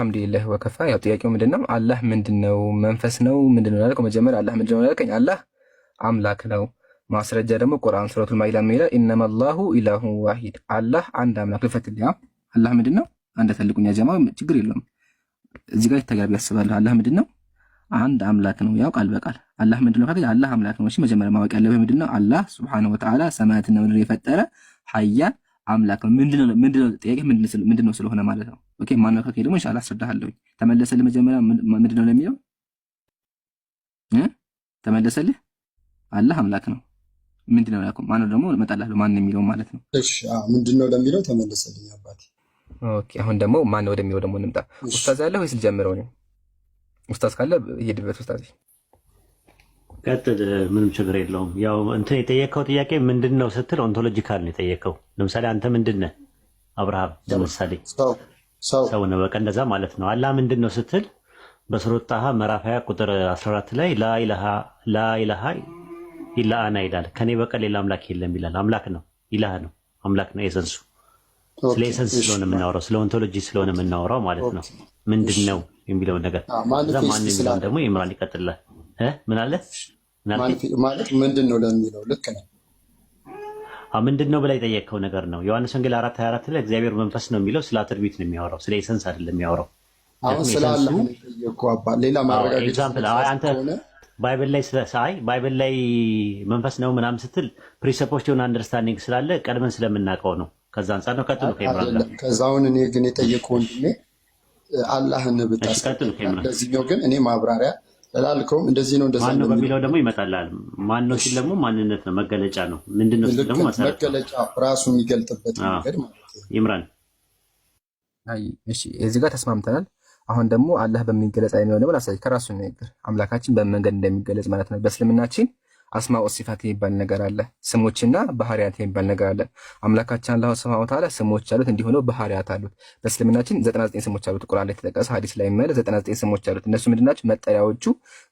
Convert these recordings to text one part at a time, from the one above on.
አልሐምዱሊላህ ወከፋ። ያው ጥያቄው ምንድነው? አላህ ምንድነው? መንፈስ ነው ምንድነው? ላልከው መጀመሪያ አላህ ምንድነው ላልከኝ አላህ አምላክ ነው። ማስረጃ ደግሞ ቁርአን ሱረቱል ማኢዳ ሚላ ኢነማ አላሁ ኢላሁ ዋሂድ፣ አላህ አንድ አምላክ ልፈትልያ። አላህ ምንድነው? አንድ ተልቁኛ ጀማ ችግር የለውም እዚህ ጋር ይታያል ያስባለሁ። አላህ ምንድነው? አንድ አምላክ ነው። ያው ቃል በቃል አላህ ምንድነው ካለ አላህ አምላክ ነው። እሺ መጀመሪያ ማወቅ ያለብህ ምንድነው? አላህ ሱብሓነሁ ወተዓላ ሰማያትና ምድርን የፈጠረ ሀያል አምላክ ነው። ምንድነው? ምንድነው ጥያቄ ምንድነው? ስለሆነ ማለት ነው ኦኬ ማነካከ ደግሞ ኢንሻአላህ አስረዳሃለሁ። ተመለሰልህ መጀመሪያ ምንድን ነው ለሚለው እ ተመለሰልህ አላህ አምላክ ነው። ምንድን ነው ያልኩህ ማነው ደግሞ እመጣልሃለሁ ማን የሚለው ማለት ነው። እሺ አዎ፣ ምንድን ነው ለሚለው ተመለሰልኝ አባቴ። ኦኬ አሁን ደግሞ ማን ነው ወደሚለው ደግሞ እንምጣ። ኡስታዝ ያለህ ወይስ ልጀምረው ነው? ኡስታዝ ካለ ሄድበት ኡስታዝ ቀጥል፣ ምንም ችግር የለውም። ያው እንትን የጠየቀው ጥያቄ ምንድን ነው ስትል ኦንቶሎጂካል ነው የጠየቀው። ለምሳሌ አንተ ምንድን ነህ አብርሃም ለምሳሌ ሰው ነው። በቃ እንደዛ ማለት ነው። አላህ ምንድን ነው ስትል በሱረቱ ጣሃ ምዕራፍ 20 ቁጥር 14 ላይ ላኢላሃ ኢላ አና ይላል። ከኔ በቀር ሌላ አምላክ የለም ይላል። አምላክ ነው፣ ኢላህ ነው፣ አምላክ ነው ኤሰንሱ። ስለ ኤሰንስ ስለሆነ የምናወራው ስለ ኦንቶሎጂ ስለሆነ የምናወራው ማለት ነው። ምንድን ነው የሚለውን ነገር እዛ ማን የሚለውን ደግሞ ኢምራን ይቀጥላል። ምን አለ ማለት ምንድን ነው ለሚለው ልክ ነው ምንድን ነው ብላይ የጠየቅከው ነገር ነው። ዮሐንስ ወንጌል አራት ሀያ አራት ላይ እግዚአብሔር መንፈስ ነው የሚለው ስለ አትርቢት ነው የሚያወራው፣ ስለ ኤሰንስ አይደለም የሚያወራው። ባይብል ላይ ስለሰአይ ባይብል ላይ መንፈስ ነው ምናምን ስትል ፕሪሰፖስት የሆነ አንደርስታንዲንግ ስላለ ቀድመን ስለምናውቀው ነው። ከዛ አንጻር ነው። ቀጥሉ ከኢምራን። ከዛውን እኔ ግን የጠየቅኩህ ወንድሜ አላህን ብታስ ለዚህኛው ግን እኔ ማብራሪያ ላልከውም እንደዚህ ነው እንደዛ ነው በሚለው ደግሞ ይመጣላል። ማን ነው ሲል ደግሞ ማንነት ነው መገለጫ ነው። ምንድን ነው ሲል ደግሞ መገለጫ ራሱ የሚገልጥበት መንገድ ማለት ነው። ይምራን እዚህ ጋር ተስማምተናል። አሁን ደግሞ አላህ በሚገለጽ አይነው ለምን አሳይ ከራሱ ነገር አምላካችን በመንገድ እንደሚገለጽ ማለት ነው በእስልምናችን አስማ ወሲፋት የሚባል ነገር አለ። ስሞችና ባህሪያት የሚባል ነገር አለ። አምላካችን አላህ ሱብሐነሁ ወተዓላ ስሞች አሉት፣ እንዲሆነው ባህሪያት አሉት። በእስልምናችን 99 ስሞች አሉት። ቁርአን ላይ የተጠቀሰ ሀዲስ ላይ ማለት 99 ስሞች አሉት። እነሱ ምንድናቸው? መጠሪያዎቹ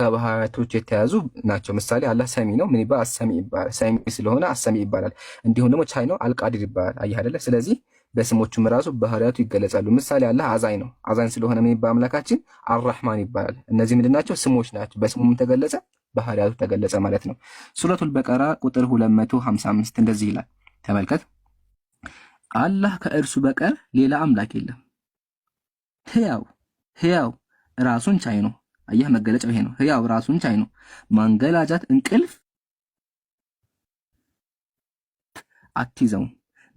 ከባህሪያቶች የተያዙ ናቸው። ምሳሌ አላህ ሰሚ ነው፣ ምን ይባል? አሰሚ ይባላል። ሰሚ ስለሆነ አሰሚ ይባላል። እንዲሁም ደግሞ ቻይ ነው፣ አልቃዲር ይባላል። አየህ አይደለ? ስለዚህ በስሞቹም ራሱ ባህሪያቱ ይገለጻሉ። ምሳሌ አላህ አዛኝ ነው። አዛኝ ስለሆነ ምን ይባል? አምላካችን አራህማን ይባላል። እነዚህ ምንድናቸው? ስሞች ናቸው። በስሙም ተገለጸ ባህሪያቱ ተገለጸ ማለት ነው። ሱረቱል በቀራ ቁጥር 255 እንደዚህ ይላል፣ ተመልከት። አላህ ከእርሱ በቀር ሌላ አምላክ የለም፣ ህያው ህያው ራሱን ቻይ ነው። አየህ መገለጫው ይሄ ነው። ህያው ራሱን ቻይ ነው። ማንገላጃት፣ እንቅልፍ አትይዘውም።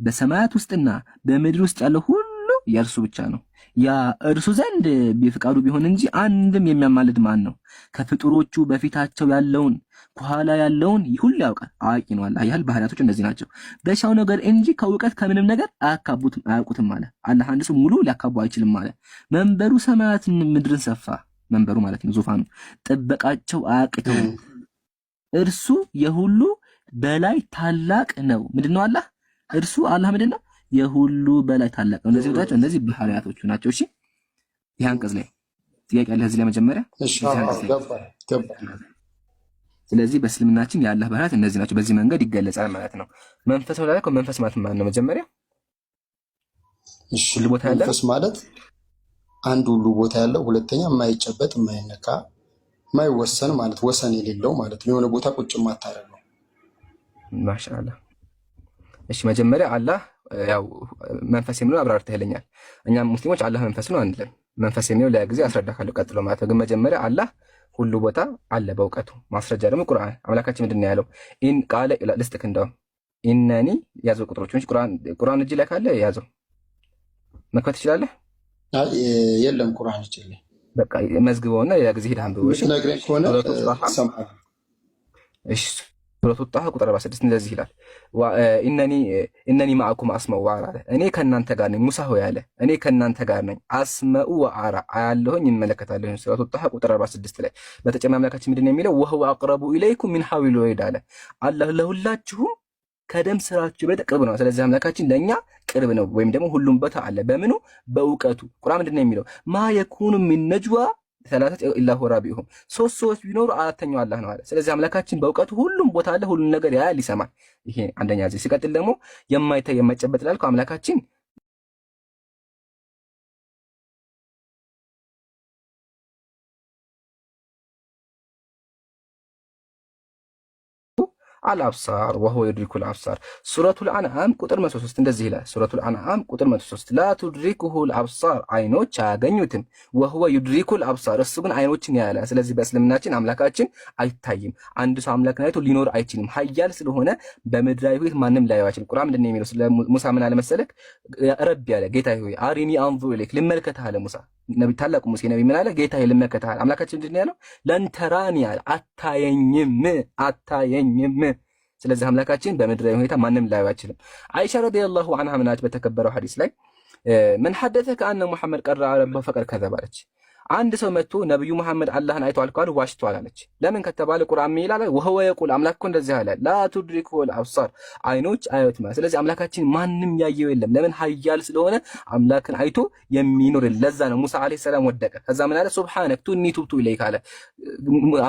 በሰማያት ውስጥና በምድር ውስጥ ያለው ሁሉ የእርሱ ብቻ ነው። ያ እርሱ ዘንድ ቢፍቃዱ ቢሆን እንጂ አንድም የሚያማልድ ማን ነው? ከፍጡሮቹ በፊታቸው ያለውን ከኋላ ያለውን ሁሉ ያውቃል፣ አዋቂ ነው። አላህ ያህል ባህሪያቶች እንደዚህ ናቸው። በሻው ነገር እንጂ ከእውቀት ከምንም ነገር አያካቡትም አያውቁትም አለ። አላህ አንድ ሰው ሙሉ ሊያካቡ አይችልም አለ። መንበሩ ሰማያትን ምድርን ሰፋ፣ መንበሩ ማለት ነው ዙፋኑ። ጥበቃቸው አያቅተው፣ እርሱ የሁሉ በላይ ታላቅ ነው። ምንድነው አላህ እርሱ አላህ ምንድነው የሁሉ በላይ ታላቅ ነው። እንደዚህ ወጣቸው እነዚህ ባህሪያቶቹ ናቸው። እሺ ይህ አንቀጽ ላይ ጥያቄ አለ። እዚህ ለመጀመሪያ ስለዚህ በእስልምናችን የአላህ ባህሪያት እነዚህ ናቸው። በዚህ መንገድ ይገለጻል ማለት ነው። መንፈስ ወላ መንፈስ ማለት ማለት ነው። መጀመሪያ ሁሉ ቦታ ያለ መንፈስ ማለት አንድ ሁሉ ቦታ ያለው፣ ሁለተኛ የማይጨበጥ የማይነካ የማይወሰን ማለት ወሰን የሌለው ማለት ነው። የሆነ ቦታ ቁጭ ነው። ማሻአላህ። እሺ መጀመሪያ አላህ ያው መንፈስ የሚለውን አብራር ትህልኛል። እኛም ሙስሊሞች አላህ መንፈስ ነው አንልም። መንፈስ የሚለው ሌላ ጊዜ አስረዳካለሁ ቀጥሎ ማለት ነው። ግን መጀመሪያ አላህ ሁሉ ቦታ አለ በእውቀቱ ማስረጃ ደግሞ ቁርአን አምላካችን ምንድን ነው ያለው? ኢን ቃለ ልስጥክ እንደውም ኢነኒ ያዘው ቁጥሮች ቁርአን እጅ ላይ ካለ ያዘው መክፈት ትችላለህ። የለም ቁርአን እጅ ላይ በቃ መዝግበውና ሌላ ጊዜ ሄድ እሺ ብረቱ ጣሃ ቁጥር 46 እንደዚህ ይላል፣ እነኒ ማዕኩም አስመው ወአራ አለ። እኔ ከእናንተ ጋር ነኝ። ሙሳ ሆይ አለ እኔ ከእናንተ ጋር ነኝ፣ አስመኡ ወአራ አያለሁኝ፣ እመለከታለሁ። ሱረቱ ጣሃ ቁጥር 46 ላይ በተጨማሪ አምላካችን ምንድን ነው የሚለው? ወህወ አቅረቡ ኢለይኩም ሚን ሐቢል ወሪድ አለ። አላህ ለሁላችሁም ከደም ስራችሁ በላይ ቅርብ ነው። ስለዚህ አምላካችን ለእኛ ቅርብ ነው፣ ወይም ደግሞ ሁሉም ቦታ አለ። በምኑ በእውቀቱ ቁርአን ምንድን ነው የሚለው? ማ የኩኑ ሚን ነጅዋ ሰላሰት ኢላሁ ራቢሁም ሶስት ሰዎች ቢኖሩ አራተኛው አላህ ነው አለ። ስለዚህ አምላካችን በእውቀቱ ሁሉም ቦታ አለ፣ ሁሉን ነገር ያያል፣ ይሰማል። ይሄ አንደኛ። እዚህ ሲቀጥል ደግሞ የማይታይ የማይጨበጥ ላልከው አምላካችን አልአብሳር ወሆ የድሪኩ ልአብሳር ሱረቱ ልአንዓም ቁጥር 13 እንደዚህ ይላል። ሱረቱ ልአንዓም ቁጥር 13 ላ ቱድሪኩሁ ልአብሳር አይኖች አያገኙትም። ወሆ ዩድሪኩ ልአብሳር እሱ ግን አይኖችን ያለ። ስለዚህ በእስልምናችን አምላካችን አይታይም። አንድ ሰው አምላክን አይቶ ሊኖር አይችልም። ሀያል ስለሆነ በምድራዊ ህይወት ማንም ላይ አይችልም። ቁርአን ምንድን ነው የሚለው? ስለ ሙሳ ምን አለ መሰለክ? ረቢ ያለ ጌታ ሆይ አሪኒ አንዙ ኢለይክ ልመልከትህ አለ ሙሳ። ታላቁ ሙሴ ነቢ ምን አለ? ጌታ ልመልከትህ አለ። አምላካችን ምንድን ነው ያለው? ለንተራኒ ያለ አታየኝም፣ አታየኝም ስለዚህ አምላካችን በምድራዊ ሁኔታ ማንም ላዩ አይችልም። አይሻ ረዲየላሁ አንሃ ምናች በተከበረው ሐዲስ ላይ ምን ሐደተ ከአነ ሙሐመድ ቀራ ረበ ፈቀድ ከዘባለች አንድ ሰው መጥቶ ነብዩ መሐመድ አላህን አይቷል ካሉ ዋሽቷል አለች። ለምን ከተባለ ቁርአን ይላል ወህወ የቁል አምላክ እኮ እንደዚህ አለ ላ ቱድሪኩል አብሳር አይኖች ማለት። ስለዚህ አምላካችን ማንም ያየው የለም። ለምን ሀያል ስለሆነ አምላክን አይቶ የሚኖር ለዛ ነው። ሙሳ አለይሂ ሰላም ወደቀ። ከዛ ምን አለ ሱብሃነክ ቱኒ ቱብቱ ኢለይክ አለ።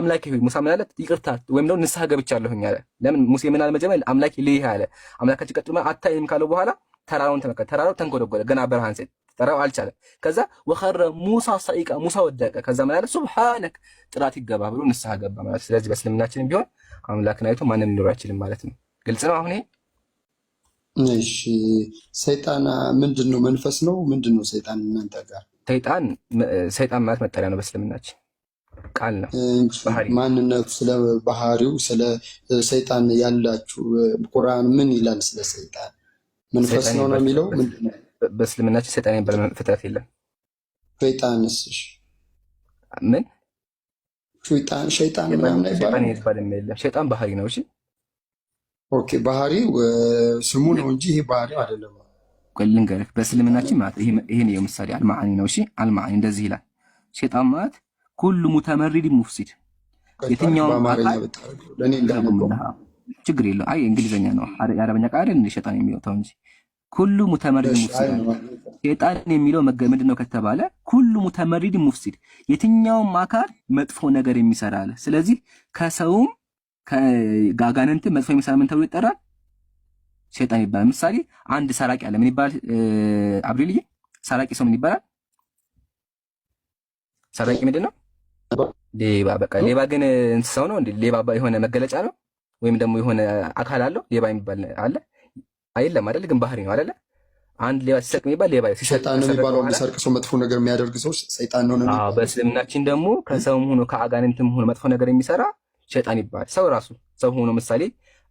አምላኬ ሆይ ሙሳ ምን አለ ይቅርታ ወይም ደግሞ ንስሐ ገብቻለሁኝ አለ። ለምን ሙሴ ምን አለ መጀመሪያ አምላኬ ልይህ አለ። አምላካችን ቀጥሎ አታይም ካለው በኋላ ተራራውን ተመከረ። ተራራው ተንጎደጎደ ገና ብርሃን ሲል ሊጠራው አልቻለም። ከዛ ወኸረ ሙሳ ሰኢቃ ሙሳ ወደቀ። ከዛ ምን አለ? ሱብሃነክ ጥላት ይገባ ብሎ ንስሐ ገባ ማለት። ስለዚህ በእስልምናችንም ቢሆን አምላክን አይቶ ማንም ሊኖር አይችልም ማለት ነው። ግልጽ ነው። አሁን እሺ፣ ሰይጣን ምንድን ነው? መንፈስ ነው ምንድን ነው? ሰይጣን እናንተ ጋር ሰይጣን ሰይጣን ማለት መጠሪያ ነው በእስልምናችን ቃል ነው። ማንነቱ ስለ ባህሪው ስለ ሰይጣን ያላችሁ ቁርአን ምን ይላል? ስለ ሰይጣን መንፈስ ነው ነው የሚለው ምንድን ነው? በእስልምናችን ሰይጣን የሚባል ፍጥረት የለም። ሸይጣንስ ምን ሸይጣን ባህሪ ነው። እሺ ኦኬ፣ ባህሪ ስሙ ነው እንጂ ይሄ ባህሪ አይደለም። ልንገርህ፣ በእስልምናችን ማለት ይሄ ነው ምሳሌ አልማዓኒ ነው። እሺ አልማኒ እንደዚህ ይላል። ሸይጣን ማለት ኩሉ ሙተመሪድ ሙፍሲድ፣ የትኛውም አካል ችግር የለው። አይ እንግሊዘኛ ነው፣ የአረበኛ ቃል አይደል? ሸይጣን የሚወጣው እንጂ ኩሉ ሙተመሪድ ሙፍሲድ ሸይጣን የሚለው ምንድን ነው ከተባለ ኩሉ ሙተመሪድ ሙፍሲድ የትኛውም አካል መጥፎ ነገር የሚሰራ አለ። ስለዚህ ከሰውም ከጋጋንንት መጥፎ የሚሰራ ምን ተብሎ ይጠራል? ሸይጣን ይባላል። ምሳሌ አንድ ሰራቂ አለ። ምን ይባላል? አብሪልዬ ሰራቂ ሰው ምን ይባላል? ሰራቂ ምንድን ነው? ሌባ። በቃ ሌባ ግን እንስሳው ነው እንዴ? ሌባ የሆነ መገለጫ ነው ወይም ደግሞ የሆነ አካል አለው ሌባ የሚባል አለ አይደለም አይደል? ግን ባህሪ ነው አይደለ? አንድ ሌባ ሲሰርቅ የሚባል ሌባ ሰይጣን ነው የሚባለው የሚሰርቅ ሰው መጥፎ ነገር የሚያደርግ ሰው ሰይጣን ነው። በእስልምናችን ደግሞ ከሰውም ሆኖ ከአጋንንትም ሆኖ መጥፎ ነገር የሚሰራ ሸጣን ይባላል። ሰው ራሱ ሰው ሆኖ ምሳሌ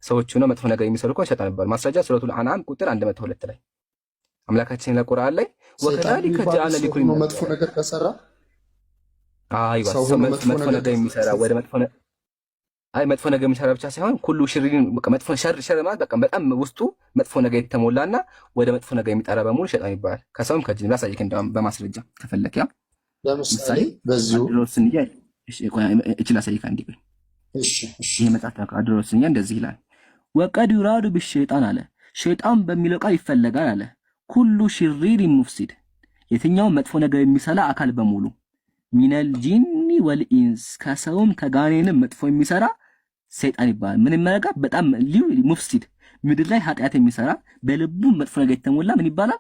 ሰዎች ሆኖ መጥፎ ነገር የሚሰሩ ከሆነ ሸጣን ይባላል። ማስረጃ ሱረቱል አንዓም ቁጥር አንድ መቶ ሁለት ላይ አምላካችን ለቁርአን ላይ ወከዛሊከ ጀዐልና ሊኩሊ መጥፎ ነገር ከሰራ አይ ሰው መጥፎ ነገር የሚሰራ ወደ መጥፎ ነገር አይ መጥፎ ነገር የሚሰራ ብቻ ሳይሆን ሁሉ ሽሪን መጥፎ ሸር ሸር ማለት በቃ በጣም ውስጡ መጥፎ ነገር የተሞላና ወደ መጥፎ ነገር የሚጠራ በሙሉ ሸጣን ይባላል። ከሰውም ከጅን ላሳይክ እንደውም በማስረጃ ከፈለክ ያው ለምሳሌ እችል አሳይክ አንድ ይህ መጽሐፍ አድሮት ስንያ እንደዚህ ይላል። ወቀድ ዩራዱ ብሸይጣን አለ ሸይጣን በሚለው ቃል ይፈለጋል አለ ኩሉ ሽሪር ሙፍሲድ የትኛውም መጥፎ ነገር የሚሰላ አካል በሙሉ ሚነል ጂኒ ወልኢንስ ከሰውም ከጋኔንም መጥፎ የሚሰራ ሰይጣን ይባላል። ምን የሚያደርጋል? በጣም ልዩ ሙፍሲድ፣ ምድር ላይ ኃጢአት የሚሰራ በልቡ መጥፎ ነገር የተሞላ ምን ይባላል?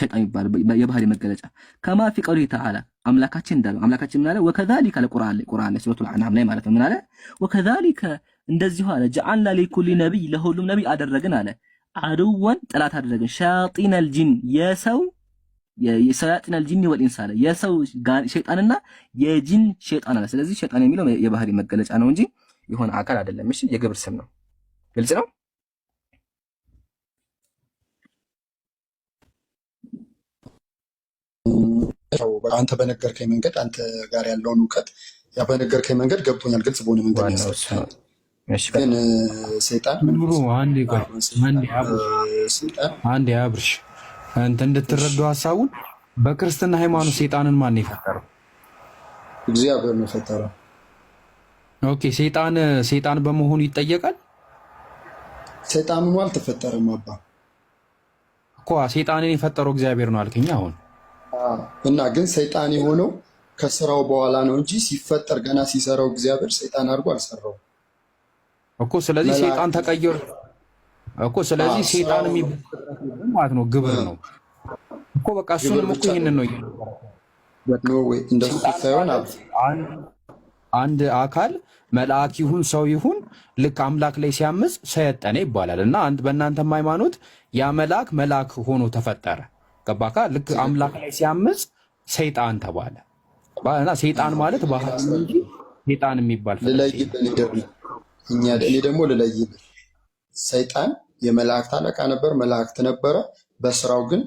ሸይጣን ይባላል። የባህሪ መገለጫ ከማ ፊ ቀውሊ ተዓላ አምላካችን እንዳለ አምላካችን ምን አለ? ወከዛሊከ ለቁርአን ላይ ሱረቱል አንዓም ላይ ማለት ነው። ምን አለ? ወከዛሊከ እንደዚሁ አለ ጀዐልና ሊኩሊ ነቢይ ለሁሉም ነቢይ አደረግን አለ አድወን ጠላት አደረግን ሻጢነል ጂን የሰው የሰያጢነል ጂን ወልኢንስ አለ የሰው ሸይጣንና የጂን ሸይጣን አለ። ስለዚህ ሸይጣን የሚለው የባህሪ መገለጫ ነው እንጂ የሆነ አካል አይደለም። እሺ የግብር ስም ነው። ግልጽ ነው። አንተ በነገርከኝ መንገድ አንተ ጋር ያለውን እውቀት ያ በነገርከኝ መንገድ ገብቶኛል። ግልጽ በሆነ መንገድ ያስረዳል። ሴጣን ምን ብሎ አንዴ አብርሽ ሀሳቡን በክርስትና ሃይማኖት ሴጣንን ማን የፈጠረው? እግዚአብሔር ነው የፈጠረው። ኦኬ ሴጣን ሴጣን በመሆኑ ይጠየቃል። ሴጣን ሆኖ አልተፈጠረም። አባ እኮ ሴጣንን የፈጠረው እግዚአብሔር ነው አልከኝ። አሁን እና ግን ሰይጣን የሆነው ከስራው በኋላ ነው እንጂ ሲፈጠር ገና ሲሰራው እግዚአብሔር ሰይጣን አድርጎ አልሰራው እኮ። ስለዚህ ሴጣን ተቀየረ እኮ። ስለዚህ ሴጣን ማለት ነው ግብር ነው እኮ። በቃ እሱንም እኮ ይህንን ነው ወይ እንደሱ ሳይሆን አንድ አካል መልአክ ይሁን ሰው ይሁን ልክ አምላክ ላይ ሲያምጽ ሰየጠነ ይባላል እና በእናንተም ሃይማኖት ያ መልአክ መልአክ ሆኖ ተፈጠረ። ገባካ? ልክ አምላክ ላይ ሲያምጽ ሰይጣን ተባለ እና ሰይጣን ማለት ባህሪ እንጂ ሰይጣን የሚባል እኔ ደግሞ ልለይል። ሰይጣን የመላእክት አለቃ ነበር፣ መላእክት ነበረ። በስራው ግን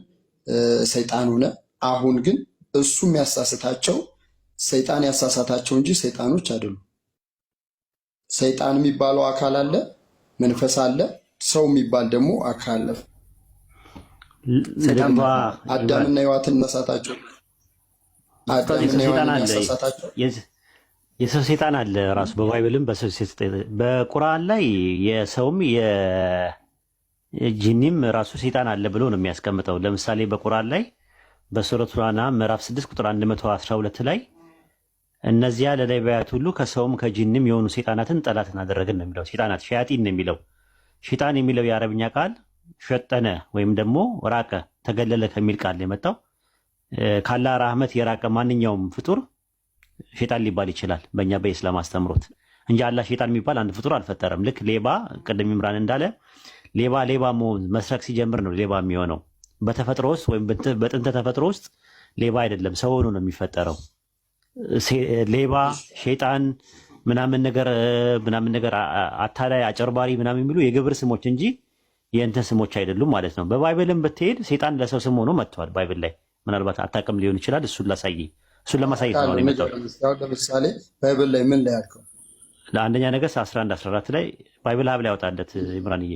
ሰይጣን ሆነ። አሁን ግን እሱ የሚያሳስታቸው ሰይጣን ያሳሳታቸው እንጂ ሰይጣኖች አይደሉ ሰይጣን የሚባለው አካል አለ፣ መንፈስ አለ፣ ሰው የሚባል ደግሞ አካል አለ። አዳምና ህዋትን መሳታቸው የሰው ሴጣን አለ ራሱ በባይብልም በቁርአን ላይ የሰውም የጂኒም ራሱ ሴጣን አለ ብሎ ነው የሚያስቀምጠው። ለምሳሌ በቁርአን ላይ በሱረቱ አናም ምዕራፍ 6 ቁጥር 112 ላይ እነዚያ ለነቢያት ሁሉ ከሰውም ከጂንም የሆኑ ሴጣናትን ጠላት እናደረግን ነው የሚለው። ሴጣናት ሸያጢን ነው የሚለው። ሸጣን የሚለው የአረብኛ ቃል ሸጠነ ወይም ደግሞ ራቀ፣ ተገለለ ከሚል ቃል የመጣው ካላ ራህመት የራቀ ማንኛውም ፍጡር ሸጣን ሊባል ይችላል በእኛ በኢስላም አስተምሮት እንጂ አላ ሸጣን የሚባል አንድ ፍጡር አልፈጠረም። ልክ ሌባ ቅድም ይምራን እንዳለ ሌባ ሌባ መሆን መስረቅ ሲጀምር ነው ሌባ የሚሆነው። በተፈጥሮ ውስጥ ወይም በጥንተ ተፈጥሮ ውስጥ ሌባ አይደለም ሰው ሆኖ ነው የሚፈጠረው። ሌባ፣ ሼጣን ምናምን ነገር ምናምን ነገር አታላይ፣ አጨርባሪ ምናምን የሚሉ የግብር ስሞች እንጂ የእንትን ስሞች አይደሉም ማለት ነው። በባይብልም ብትሄድ ሴጣን ለሰው ስም ሆኖ መጥተዋል። ባይብል ላይ ምናልባት አታውቅም ሊሆን ይችላል። እሱን ላሳይ እሱን ለማሳየት ነው የመጣሁት። ለምሳሌ ባይብል ላይ ምን ላይ ያልከው? ለአንደኛ ነገሥት 11 14 ላይ ባይብል ሀብ ላይ ያወጣለት ኢምራንዬ